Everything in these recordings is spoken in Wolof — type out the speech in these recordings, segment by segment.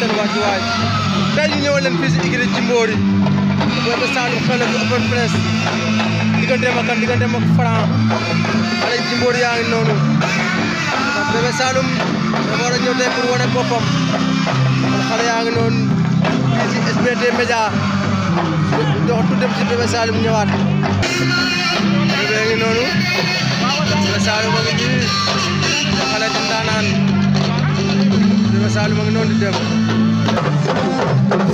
seen wàccuwaay tey ñu ñëwoon leen fii si igri ci Mboori boobu Saalum xel ak open press digganteem ak kan digganteem ak Franc xale ci Mboori yaa ngi noonu bébé Saalum a ñëw tey pour wane boppam kon xale noonu fii si Saalum ñëwaat bébé ngi noonu a ji xale di ndaanaan Saalum a ngi noonu dem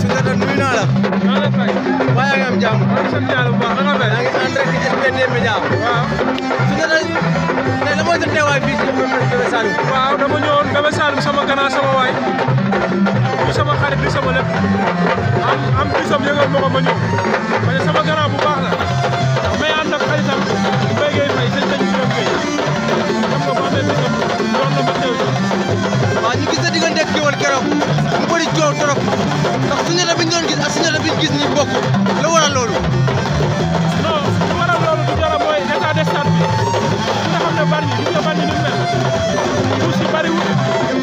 Soundata nuyu naa la. naa la fay. waaye nga am jàmm. maa ngi sant yàlla bu baax danga fay. maa ngi sama gannaaw sama waay. bu sama xarit bi sama lépp. am am bisam yëngal ma ko ma ñëw. parce que sama ñu gis sa diggante ak Géwël keroog mu bëri coow trop ndax signal bi ñu doon gis ak signal bi ñu bokk la waral loolu. non li waral loolu du dara mooy état de stade bi li nga xam ne bari na li nga bari na ni mu mel. tuuti bariwul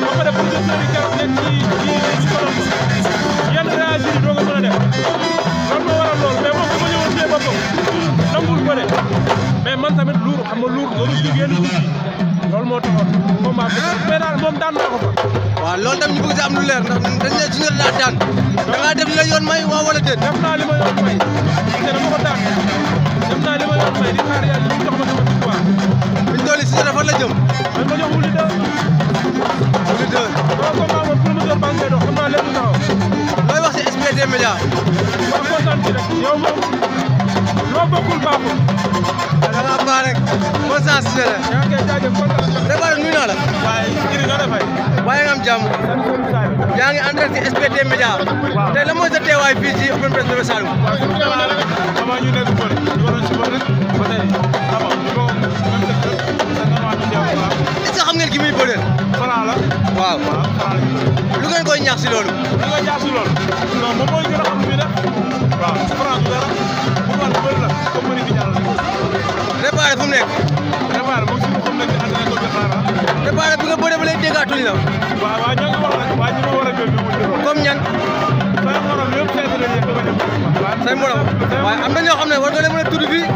ba pare producteurs yi keroog nekk ci ci ci leer ndax dañ ne junior laa daan da ngaa def la yoon may waaw wala déet def naa li ma yoon may te dama ko daan def naa li ma yoon may di xaar yàlla li mu jox ma sama victoire buñ dooli si dafa la jëm man ma jox wuli deux wuli deux waaw comme amoon pour mu door baa ngay dox xam naa lépp taxaw looy wax si SBT Média ma kontaan ci rek yow moom loo bokkul baaxul da ngaa baax rek bon sens si la jaajëf kontaan Réparé nuyu naa la waaye ngir nga dafay waaye nga am jàmm ngi en direct ci SBT Média tey la mooy sa teewaay fii ci open press Bébé Saloum dama ñu nekk bër ñu waroon si bër rek ba tey xam nga ko même sa kër sa normal ñu teew quoi est-ce que xam ngeen ki muy bëreel Franc la waaw lu ngeen koy ñaax si loolu lu ngeen ñaax si loolu non moom mooy gën a xam bi def waaw Franc du dara bu ma bëri la comme mëni di ñaanal réparé fu mu nekk préparé moom suñu comme nag nga bëree ba léegi déggaatuñu ma a jël ñu wut dërëm. comme ñan. say morom yëpp seetlu nañu yëpp ne war nga leen mën a tudd fii.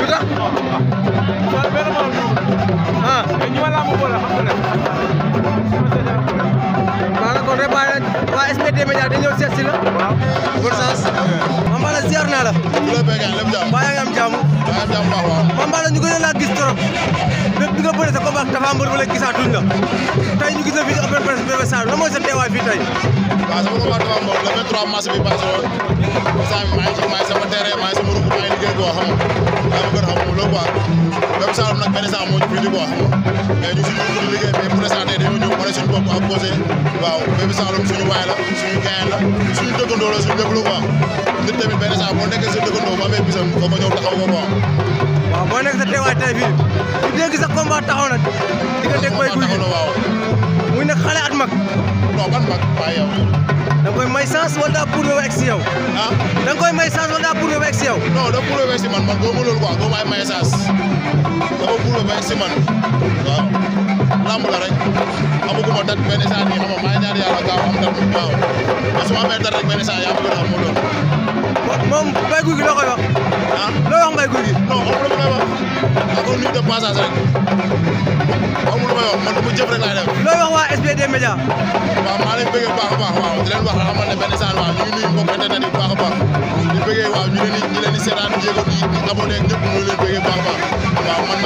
lu tax. waaw benn morom ñu. ah mais ñi ma làmb waa SBT Média dañoo seet si la. waaw bonne chance. Eh. Mame Balla ziar naa la. bu la béykat lépp jàmm. maa ngi am jàmm. maa ngi am jàmm baax waaw. Mame Balla ñu gën a laa gis trop. mais bi nga bëree sa combat Tapha Mbeur ba léegi gisaatuñ la tey ñu gis la fii open presse Bébé Saloum sa teewaay fii tey. waaw sama combat Tapha Mbeur le 23 mars bi passé woon saa mi maa ngi ci maa ngi sama terrain maa ngi sama ruubu maa ngi liggéey koo xam nga maa ngi gën a xam moom loolu quoi saa moo ñu ñu suñu suñu bopp ak posé waaw Bébé Saloum suñu waay la suñu gayan suñu dëkkandoo la amee bisam foo ko ñëw taxaw ko quoi waaw moo nekk sa teewaay tey fii ñu dégg sa combat taxaw na diggante Mbaye Gouye Gui waaw muy nekk xale at mag non ban mag waaye yow da nga koy may chance wala daa pour yow egg si yow ah. da koy may chance wala daa pour yow egg si yow non da pour yow egg si man man gooma loolu quoi gooma ay may chance dama pour yow egg si man waaw saa nii xam nga maa ngi ñaan yàlla gaaw saa yaa ma mu doon moom Mbaye Gouy Gui loo koy wax. ah loo wax Mbaye Gouy Gui. non amul lu may wax amul nuyu de passage rek amul lu may wax man dama jëf rek laay def. loo wax waa SBT Média. waaw maa leen bëggee bu baax a baax waaw di leen wax xamal ne benn saan waaw ñu ngi nuyu mbokk yi bu baax a baax di bëggee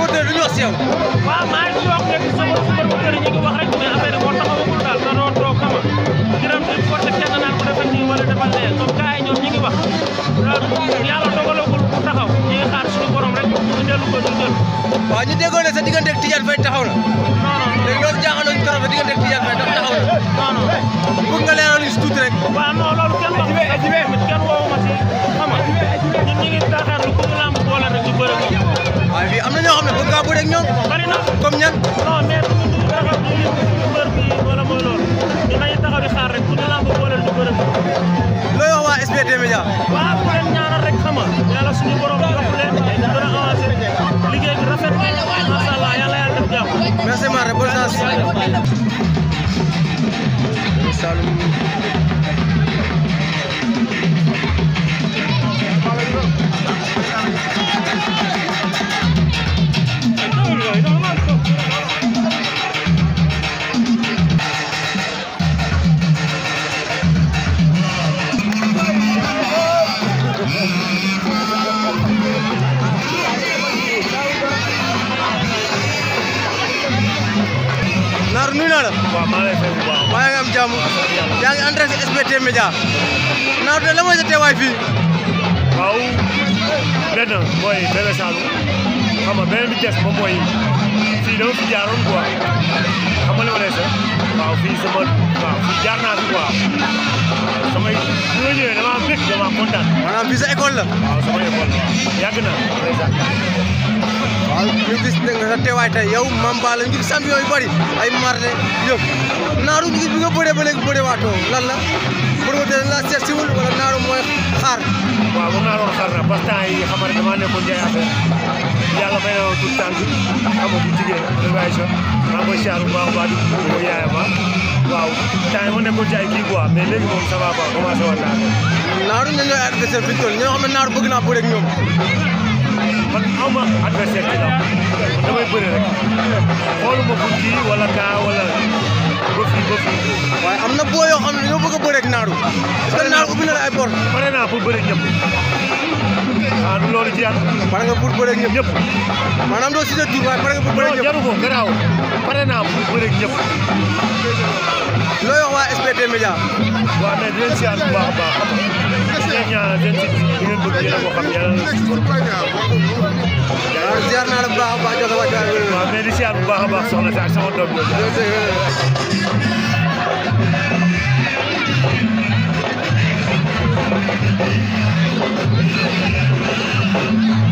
promoteur lu ñu wax si di porté kenn naan sa diggante ak Tidiane taxaw na. comme ñan. non mais du du taxaw du mbër bi wala mooy loolu dinañ taxaw di xaar rek ku ne lamb booleel du bërëb. looy wax waa SBT Média. waaw ku leen ñaanal rek xam nga yàlla suñu borom yokk leen gën a avancé liggéey bi rafet macha allah yàlla yàlla def jàmm. merci Maré bonne chance. Saloum. Dia naaw tey la mooy sa teewaay fii. waaw benn mooy Bébé Saloum xam nga beneen bi des moom mooy fii dama fi jaaroon quoi xam nga li ma lay sax waaw fii sama waaw fii jaar naa fi quoi samay bu ma ñëwee damaa am bépp damaa kontaan. maanaam fii sa école la. waaw sama école la yàgg naa. waaw ñu gis ne nga sa teewaay tey yow Mame Balla ngir champion bari ay marle yëpp naaru ngi bi nga bëree ba léegi bëree waatoo lan la promoteur la seet si wul wala naaru mooy xaar waaw moom naa doon xaar na parce que temps yi a baax ah. naa naaru ñoo ñooy adversaire bi ñu toll naaru bëgg naa bëre man aw ma adversaire ci lamb man damay bëri rek xooluma ko kii wala kaa wala ba am na boo yoo xam ne ñoo a naaru. ubbi na la ay bor. pare naa pour bëri ñëpp. loolu ci yàlla. pare nga pour bëreeg ñëpp. maanaam doo Siteu Diouf waaye pare nga pour bëreeg ñëpp. jaru ko garaaw pare naa pour bëreeg ñëpp. looy wax waa SBT Média. waaw mais di leen siyaar bu baax a baax di ñaanal seen sit di ngeen bëgg yéen a ko xam yàlla la si borom. waaw siyaar naa la bu baax a baax joxe wàccuwaay. waaw mais di siyaar bu baax a baax soxna si ak sama doom bi. Thank you.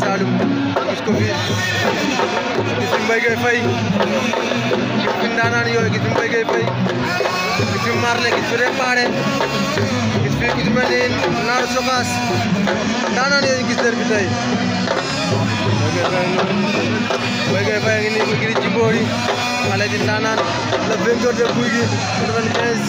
Saloum gis ko fii gis fi Mbaye Gueye Faye gis fi ndaanaan yooyu gis fi Mbaye Gueye Faye gis fi Marlé gis fi Réparé gis fi ku ci mel ni Naar Sokaas ndaanaan yooyu gis leen fi tey Mbaye Gueye Faye ngi nii ko giri Djibori xale di ndaanaan le vainqueur de Gouy Gui 95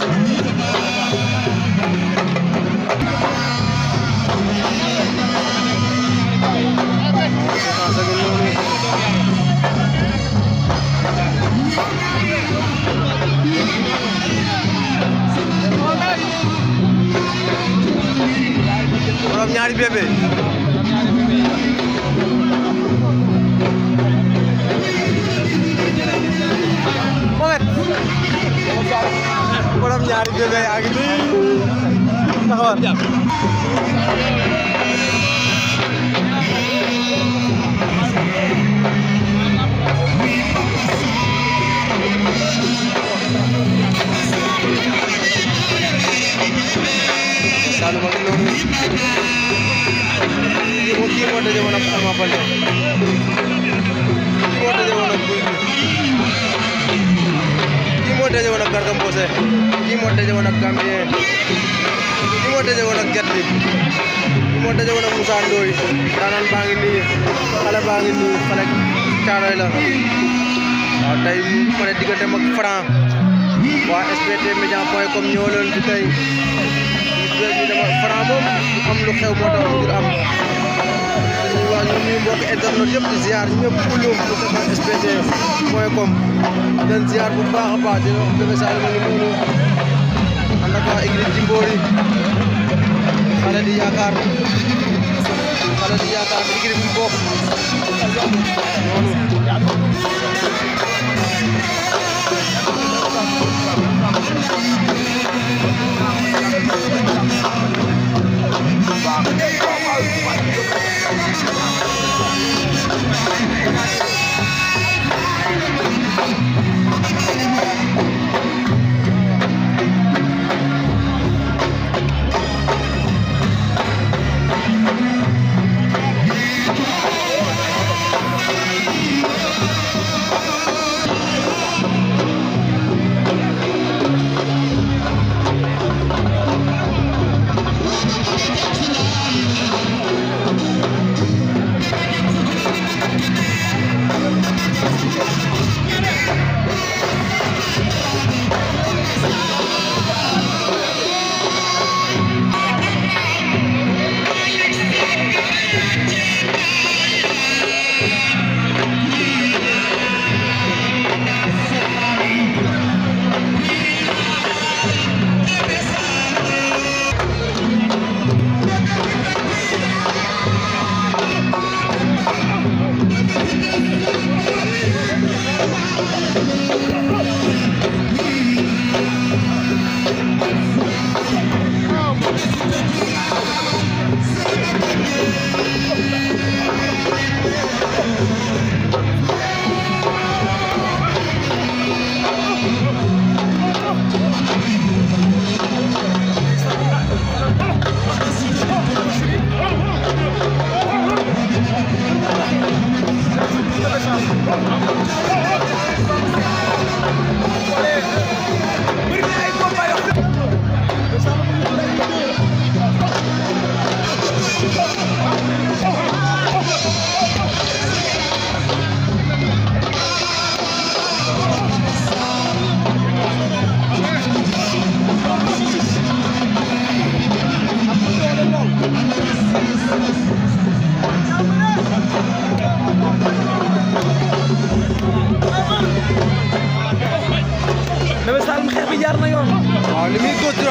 borom ñaari bébé Mohamed borom ñaari bébé ak ni taxawal ko kii moo daje woon ak Ama Baldé kii moo daje woon ak Gouye Gui kii moo daje woon ak Garga Mbossé kii moo daje woon ak Gambien kii moo daje woon ak Jet Li kii moo daje woon ak Moussa Ndoye daanaan baa ngi nii xale baa ngi nii xale caaroy la waaw tey mu ngi pare diggante ak Franc waa SBT Média point com ñoo leen di tey léegi dama Franc moom am lu xew moo tax ngir am waaw ñun ñuy mbokk internet yëpp di ziar ñëpp ku lu Moustapha SPT point com den ziar bu baax a baax di wax bébé Sall ma ngi noonu ànd ak waa écrit ci mboori xale di yaakaar xale di yaakaar écrit bi bokk noonu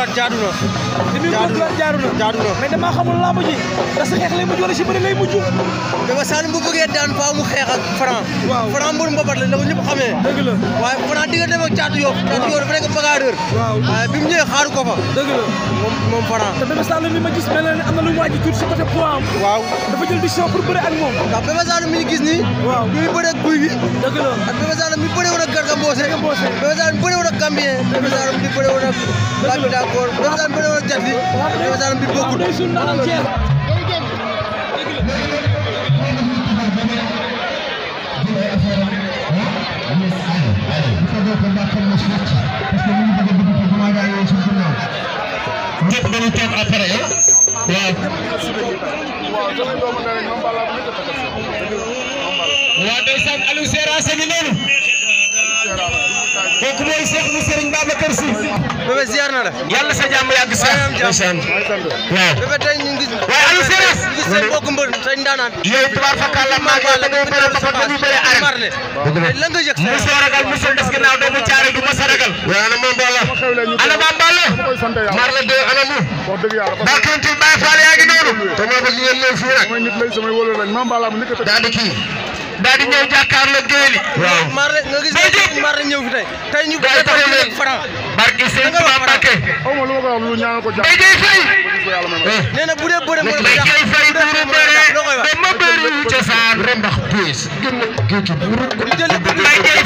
góorgóorluwaat jaadu na. jaadu na góorgóorluwaat jaadu na jaadu na. mais damaa xamul làmb ji parce que xeex lay mujj wala si bëri lay mujj. dafa saan bu bëggee daan faaw mu xeex ak Franc. waaw Franc mbër mbabat la dama ñëpp xamee. dëgg la waaye Franc diggante ak caatu yow. waaw caatu yow dafa nekk bagarreur. waaw waaye bi mu ñëwee xaaru ko fa. dëgg la moom moom Franc. te Bébé Saloum mi ma gis mel na ne am na lu mu wàññi tuuti si côté poids am. waaw dafa jël décision pour bëre ak moom. ndax Bébé Saloum mi ñu gis nii. waaw bi muy bëree guy gi. dëgg la ak Bébé Saloum mi bëree woon ak Garga Mbossé. Bébé Saloum bëree woon ak Gambien. Bébé Saloum mi bëree woon ak ko dosaan bëre woon jat li dosaan bi bokkut ñëpp dañu toog après waaw waaw ndeysaan Aliou Seras a ngi noonu kooku mooy Cheikh mu Serigne Babacar Sy bébé ziar na la. yàlla sa jàmm yàgg sax. incha allah waaw. tey ñu ngi. waaye Aliou Seras. ñu ngi seen mbokku mbër tey ndaanaan. yow tubaab fakkaat la maa ngi lay bëre boppam dañuy bëre arène. la nga yëg sax musul ragal musul des ginnaaw doomu caare du mos a ragal. waaye ana Mame Balla. ana Mame Balla. mar la de ana mu. barkantil Baye Fall yaa ngi noonu. te moo bëgg ngeen ñëw fii nag. daal di kii. daal di a jàkkaarloog géwél yi. waaw mar nga gis mar la ñëw fi tey tey ñu bëgg a leen faram. barke ma lu ma ko wax lu ñaan ko jàpp. day day fay. nee na bu dee ma bëri cosaan rembax puis gën na géej gi buuru. day day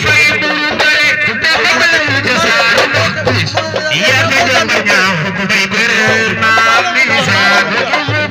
fay maa ngi